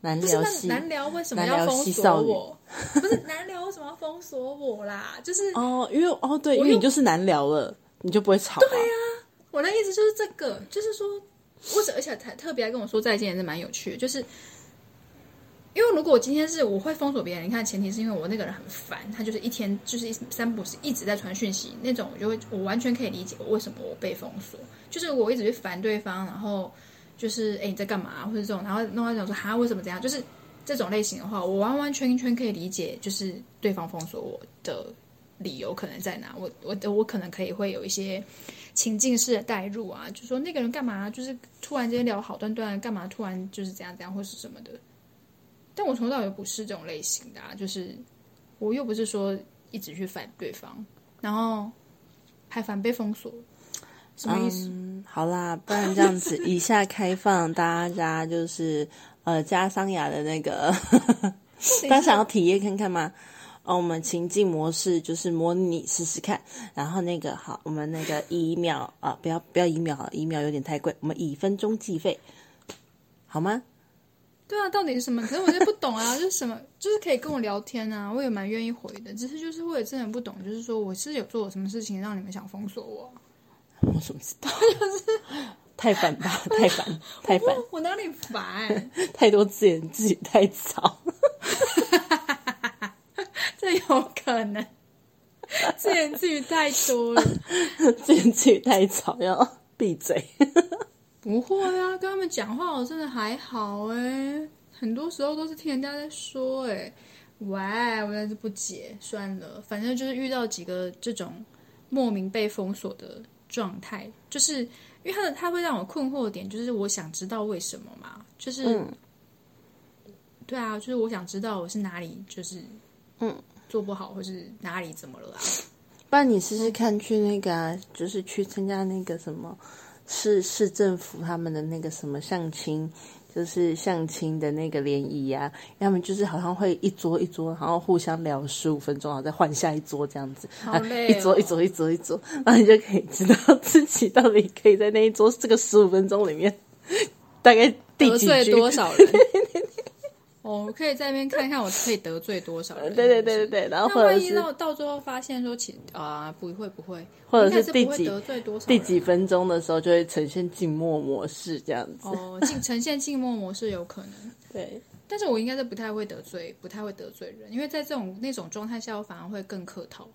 難聊，難聊，為什麼要封鎖我？ 不是難聊，為什麼要封鎖我啦？就是哦、oh,，因為哦，oh, 對，因為你就是難聊了，你就不會吵、啊。對呀、啊，我的意思就是這個，就是說。或者，而且他特別愛跟我說再見也是蠻有趣的，就是因為如果我今天是我會封鎖別人，你看前提是因為我那個人很煩，他就是一天就是一三不五時，一直在傳訊息那種，我就會我完全可以理解我為什麼我被封鎖，就是我一直去煩對方，然後就是哎、欸、你在幹嘛、啊、或者這種，然後弄到一種說哈為什麼怎樣，就是這種類型的話，我完完全全可以理解，就是對方封鎖我的。理由可能在哪？我我的我可能可以會有一些情境式的代入啊，就是、說那個人幹嘛，就是突然之間聊好端端幹嘛，突然就是這樣這樣或是什麼的。但我從頭到尾不是這種類型的、啊，就是我又不是說一直去反對方，然後還反被封鎖，什麼意思？嗯、好啦，不然這樣子以 下開放大家就是呃加桑雅的那個， 大家想要體驗看看嗎？哦，我們情境模式就是模擬試試看，然後那個好，我們那個以秒啊，不要不要以秒，以秒有點太貴，我們以分鐘計費，好嗎？對啊，到底是什麼？可是我就不懂啊，就 是什麼，就是可以跟我聊天啊，我也蠻願意回的，只是就是我也真的不懂，就是說我是有做過什麼事情讓你們想封鎖我？我怎麼知道？就 是太煩吧，太煩，太煩，我哪裡煩？ 太多字眼，自己太吵。 這有可能，自言自語太多了 自言自語太吵，要閉嘴。不會啊，跟他們講話我、喔、真的還好哎、欸，很多時候都是聽人家在說哎、欸，喂，我真是不解算了，反正就是遇到幾個這種莫名被封鎖的狀態，就是因為他的他會讓我困惑的點，就是我想知道為什麼嘛，就是、嗯，對啊，就是我想知道我是哪裡，就是嗯。做不好，或是哪裡怎麼了？不然你試試看，去那個、啊，就是去參加那個什麼市市政府他們的那個什麼相親，就是相親的那個聯誼呀。要麼就是好像會一桌一桌，然後互相聊十五分鐘，然後再換下一桌這樣子。好累、哦啊、一桌一桌一桌一桌一桌，然後你就可以知道自己到底可以在那一桌這個十五分鐘裡面，大概幾得罪多少人。 哦、oh,，可以在那邊看看我可以得罪多少人。 對對對對對，然後或者是那萬一到到最後發現說，請啊不會不會，或者是第幾是不會得罪多少？第幾分鐘的時候就會呈現靜默模式這樣子。哦，呈呈現靜默模式有可能。 對，但是我應該是不太會得罪，不太會得罪人，因為在這種那種狀態下，我反而會更客套。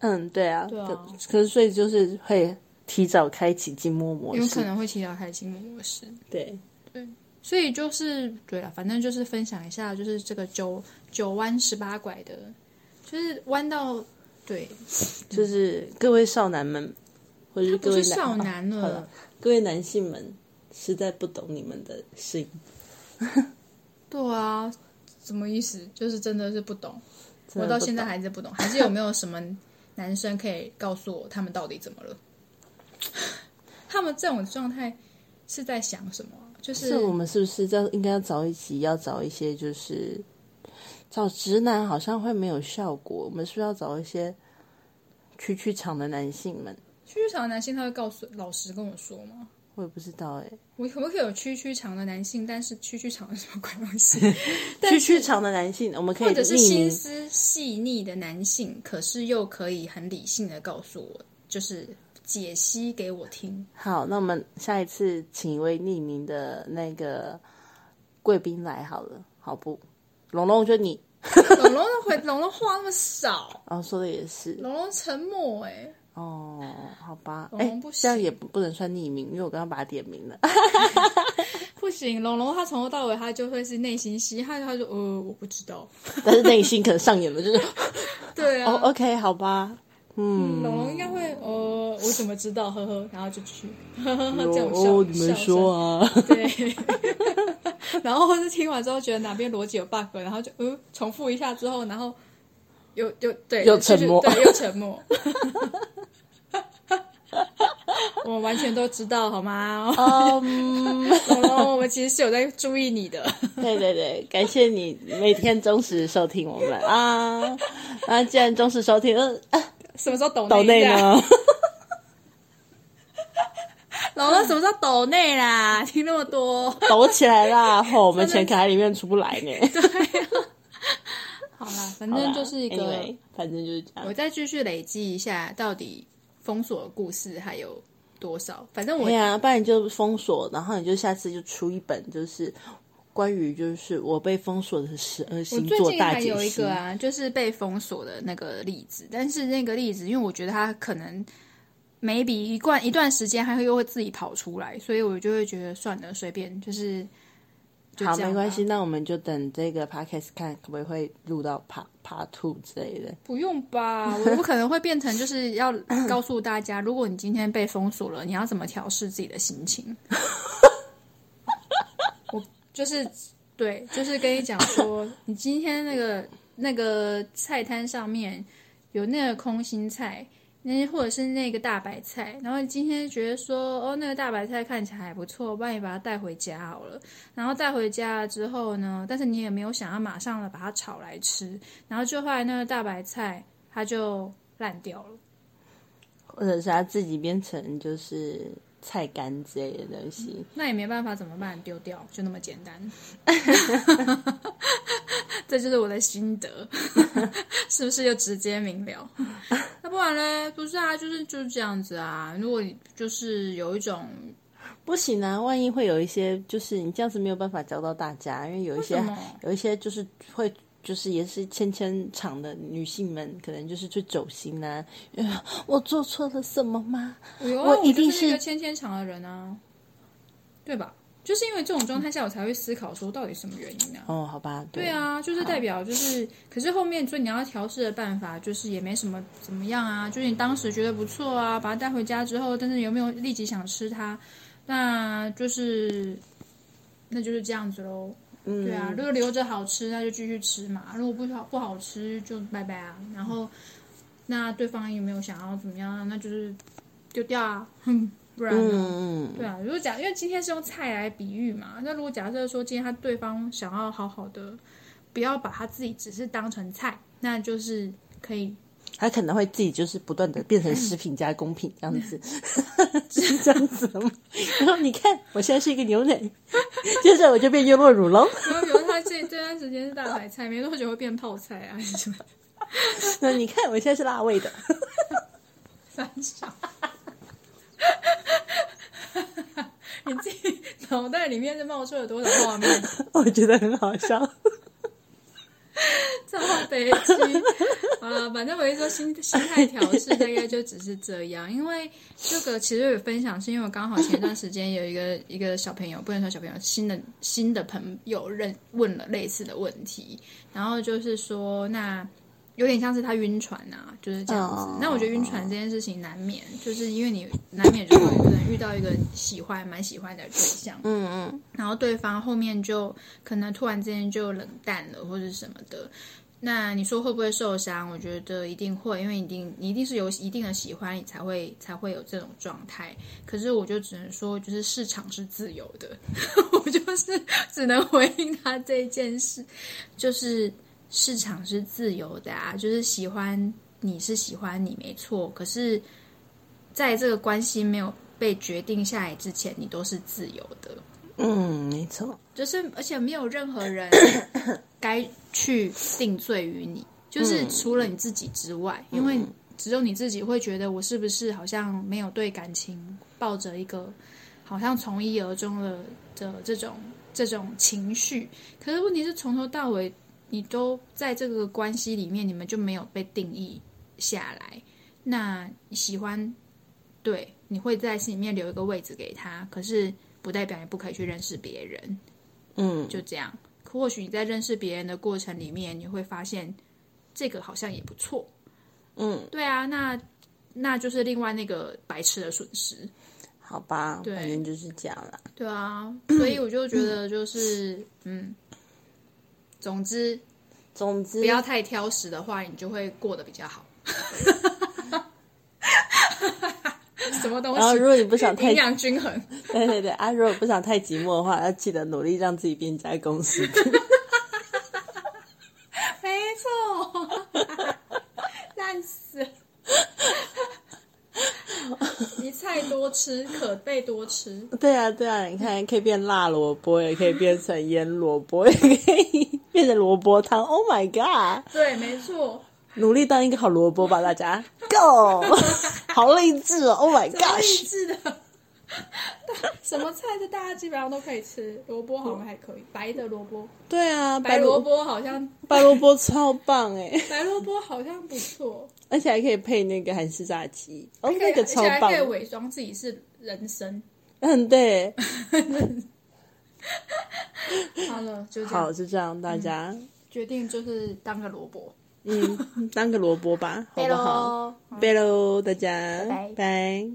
嗯，對啊。對啊。可是所以就是會提早開啟靜默模式。有可能會提早開靜默模式。對。對。所以就是對啦，反正就是分享一下，就是這個九九彎十八拐的，就是彎道，對，就是各位少男們，或者各位男是少男，哦，好了各位男性們，實在不懂你們的心。 對啊，什麼意思？就是真的是不懂，真的不懂，我到現在還是不懂，還是有沒有什麼男生可以告訴我，他們到底怎麼了？ 他們這種狀態是在想什麼？就是、是我們是不是要應該要找一起要找一些就是，找直男好像會沒有效果，我們是不是要找一些區區長的男性們。區區長的男性他會告訴老實跟我說嗎？我也不知道哎、欸。我可不可以有區區長的男性？但是區區長有什麼關係？區 區長的男性我們可以, 曲曲長的男性我們可以或者是心思細膩的男性，可是又可以很理性的告訴我，就是。解析給我聽。好，那我們下一次請一位匿名的那個貴賓來好了，好不？龍龍就你。 龍龍的回龍龍話那麼少啊、哦？說的也是。龍龍沉默哎、欸。哦，好吧。龍龍不行，欸、這樣也不不能算匿名，因為我剛剛把他點名了。 不行，龍龍他從頭到尾他就會是內心戲，他就呃我不知道， 但是內心可能上演了，就是 對啊。O、oh, K，、okay, 好吧。嗯，龍龍應該會，呃我怎麼知道？呵呵，然後就去，呵呵，呵、哦、這樣、哦、你們說啊？對， 然後或者聽完之後覺得哪邊邏輯有 bug，然後就嗯，重複一下之後，然後又又對，又沉默，對，又沉默。哈哈哈哈哈哈！ 我們完全都知道，好嗎？嗯，龍龍，我們其實是有在注意你的。 對對對，感謝你每天忠實收聽我們 啊啊！既然忠實收聽，呃啊。什麼時候抖內呢？ 老了什麼時候抖內啦、嗯？聽那麼多抖起來啦！吼！ 我們錢卡裡面出不來呢。對了，好啦，反正就是一個，反正就是這樣。我再繼續累積一下，到底封鎖故事還有多少？反正我呀、欸啊，不然你就封鎖，然後你就下次就出一本，就是。關於就是我被封鎖的十二星座大，我最近還有一個啊，就是被封鎖的那個例子，但是那個例子，因為我覺得他可能每筆一罐，一段時間，還會又會自己跑出來，所以我就會覺得算了，隨便就是就。好，沒關係，那我們就等這個 podcast 看可不可以錄到 Part Part Two 之類的。不用吧，我不可能會變成就是要告訴大家， 如果你今天被封鎖了，你要怎麼調試自己的心情。 就是對，就是跟你講說，你今天那個那個菜攤上面有那個空心菜，那或者是那個大白菜，然後你今天覺得說，哦，那個大白菜看起來還不錯，我幫你把它帶回家好了。然後帶回家之後呢，但是你也沒有想要馬上的把它炒來吃，然後就後來那個大白菜它就爛掉了，或者是它自己變成就是。菜乾之類的東西，那也沒辦法，怎麼辦？丟掉就那麼簡單。 這就是我的心得， 是不是就直接明了？ 那不然嘞？不是啊，就是就是這樣子啊。如果你就是有一種不行啊，萬一會有一些，就是你這樣子沒有辦法教到大家，因為有一些有一些就是會。就是也是千千場的女性們，可能就是最走心呢、啊。 我做錯了什麼嗎？哎、我一定是，是個千千場的人啊，對吧？就是因為這種狀態下，我才會思考說，到底什麼原因呢、啊？哦，好吧對。對啊，就是代表就是，可是後面說你要調試的辦法，就是也沒什麼怎麼樣啊。就是你當時覺得不錯啊，把它帶回家之後，但是有沒有立即想吃它？那就是，那就是這樣子嘍。對啊，如果留着好吃，那就繼續吃嘛；如果不好不好吃，就拜拜啊。然後，那對方有沒有想要怎麼樣？啊？那就是丟掉啊，哼，不然呢、嗯？對啊，如果假因為今天是用菜來比喻嘛，那如果假設說今天他對方想要好好的，不要把他自己只是當成菜，那就是可以。它可能會自己就是不斷的變成食品加工品，嗯、這樣子， 是這樣子的嗎？然後你看，我現在是一個牛奶， 接着我就變優酪乳咯。然後比如它這這段時間是大白菜， 沒多久會變泡菜啊什麼。 那你看，我現在是辣味的。三傻，你自己腦袋裡面是冒出了多少畫面？我覺得很好笑，這麼悲情。 啊、呃，反正我是說心心態調試大概就只是這樣，因為這個其實有分享，是因為我剛好前段時間有一個 一個小朋友，不能說小朋友，新的新的朋友認問了類似的問題，然後就是說那有點像是他暈船啊，就是這樣子，哦那我覺得暈船這件事情難免，就是因為你難免就會遇到一個喜歡 蠻喜歡的對象，嗯嗯，然後對方後面就可能突然之間就冷淡了或是什麼的。那你說會不會受傷？我覺得一定會，因為一定你一定是有一定的喜歡，你才會才會有這種狀態。可是我就只能說，就是市場是自由的， 我就是只能回應他這件事，就是市場是自由的啊！就是喜歡你是喜歡你沒錯，可是在這個關係沒有被決定下來之前，你都是自由的。嗯，沒錯，就是而且沒有任何人。 該去定罪於你，就是除了你自己之外，嗯，因為只有你自己會覺得我是不是好像沒有對感情抱着一個好像從一而終的的這種這種情緒。可是問題是從頭到尾，你都在這個關係裡面，你們就沒有被定義下來。那喜歡，對，你會在心裡面留一個位置給他，可是不代表你不可以去認識別人。嗯，就這樣。或許你在認識別人的過程裡面，你會發現這個好像也不錯。嗯，對啊，那那就是另外那個白痴的損失，好吧？對，反正就是這樣啦。對啊，所以我就覺得就是嗯，嗯，總之，總之不要太挑食的話，你就會過得比較好。 什麼東西？然後，如果你不想太營養均衡，對對對啊！如果不想太寂寞的話，要記得努力讓自己變在公司的。 沒錯錯，爛 死了！ 一菜多吃， 可被多吃。對啊，對啊，你看，可以變辣蘿蔔，也可以變成醃蘿蔔，也可以變成蘿蔔，成蘿蔔湯。Oh my God！對，沒錯。努力當一個好蘿蔔吧，大家，Go， 好勵志哦！Oh my god，勵志的， 什麼菜的大家基本上都可以吃，蘿蔔好像、嗯、還可以，白的蘿蔔，對啊，白蘿蔔好像，白蘿蔔超棒哎，白蘿蔔好像不錯，而且還可以配那個韓式炸雞，哦，oh, 那個超棒，可以偽裝自己是人參。嗯，對， 好了，就這樣，好，就這樣，大家、嗯、決定就是當個蘿蔔。 嗯，當個蘿蔔吧，好不好？拜嘍，嗯，大家，拜拜，拜拜，拜拜。